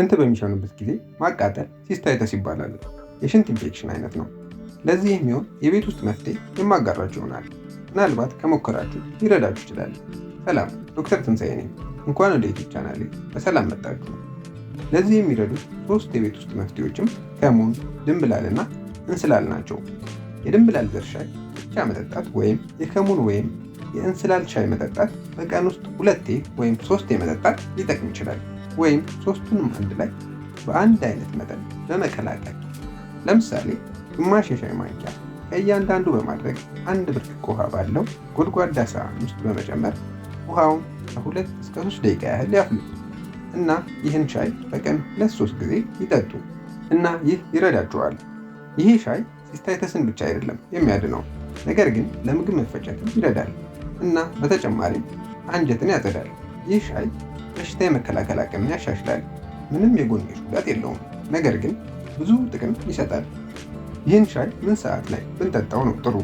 ሽንት በሚሸኑበት ጊዜ ማቃጠል ሲስታይተስ ይባላል። የሽንት ኢንፌክሽን አይነት ነው። ለዚህ የሚሆን የቤት ውስጥ መፍትሄ የማጋራችሁ ይሆናል። ምናልባት ከሞከራችሁ ሊረዳችሁ ይችላል። ሰላም፣ ዶክተር ትንሣኤ ነኝ። እንኳን ወደ ዩቲዩብ ቻናሌ በሰላም መጣችሁ። ለዚህ የሚረዱ ሶስት የቤት ውስጥ መፍትሄዎችም ከሙን፣ ድንብላልና እንስላል ናቸው። የድንብላል ዘር ሻይ ብቻ መጠጣት ወይም የከሙን ወይም የእንስላል ሻይ መጠጣት በቀን ውስጥ ሁለቴ ወይም ሶስቴ መጠጣት ሊጠቅም ይችላል። ወይም ሶስቱንም አንድ ላይ በአንድ አይነት መጠን በመቀላቀል ለምሳሌ ግማሽ የሻይ ማንኪያ ከእያንዳንዱ በማድረግ አንድ ብርጭቆ ውሃ ባለው ጎድጓዳ ሳህን ውስጥ በመጨመር ውሃውን ከሁለት እስከ ሶስት ደቂቃ ያህል ያፍሉ እና ይህን ሻይ በቀን ሁለት ሶስት ጊዜ ይጠጡ እና ይህ ይረዳቸዋል። ይህ ሻይ ሲስታይተስን ብቻ አይደለም የሚያድነው፣ ነገር ግን ለምግብ መፈጨትም ይረዳል እና በተጨማሪም አንጀትን ያጸዳል። ይህ ሻይ በሽታ የመከላከል አቅምን ያሻሽላል። ምንም የጎንዮሽ ጉዳት የለውም፣ ነገር ግን ብዙ ጥቅም ይሰጣል። ይህን ሻይ ምን ሰዓት ላይ ብንጠጣው ነው ጥሩ?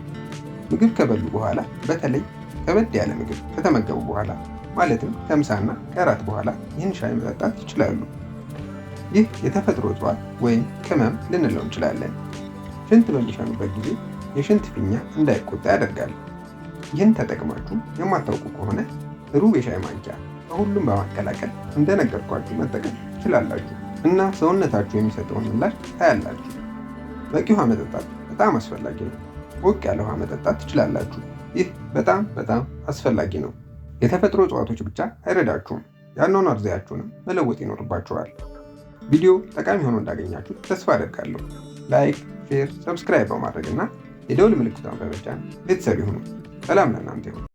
ምግብ ከበሉ በኋላ በተለይ ከበድ ያለ ምግብ ከተመገቡ በኋላ ማለትም ከምሳና ከአራት በኋላ ይህን ሻይ መጠጣት ይችላሉ። ይህ የተፈጥሮ እጽዋት ወይም ቅመም ልንለው እንችላለን። ሽንት በሚሸኑበት ጊዜ የሽንት ፊኛ እንዳይቆጣ ያደርጋል። ይህን ተጠቅማችሁ የማታውቁ ከሆነ ሩብ የሻይ ማንኪያ ከሁሉም በማቀላቀል እንደነገርኳችሁ መጠቀም ትችላላችሁ እና ሰውነታችሁ የሚሰጠውን ምላሽ ታያላችሁ። በቂ ውሃ መጠጣት በጣም አስፈላጊ ነው። ሞቅ ያለ ውሃ መጠጣት ትችላላችሁ። ይህ በጣም በጣም አስፈላጊ ነው። የተፈጥሮ እጽዋቶች ብቻ አይረዳችሁም፣ የአኗኗር ዘያችሁንም መለወጥ ይኖርባችኋል። ቪዲዮ ጠቃሚ ሆኖ እንዳገኛችሁ ተስፋ አደርጋለሁ። ላይክ፣ ሼር፣ ሰብስክራይብ በማድረግ እና የደውል ምልክቷን በመጫን ቤተሰብ ይሁኑ። ሰላም ለእናንተ ይሁን።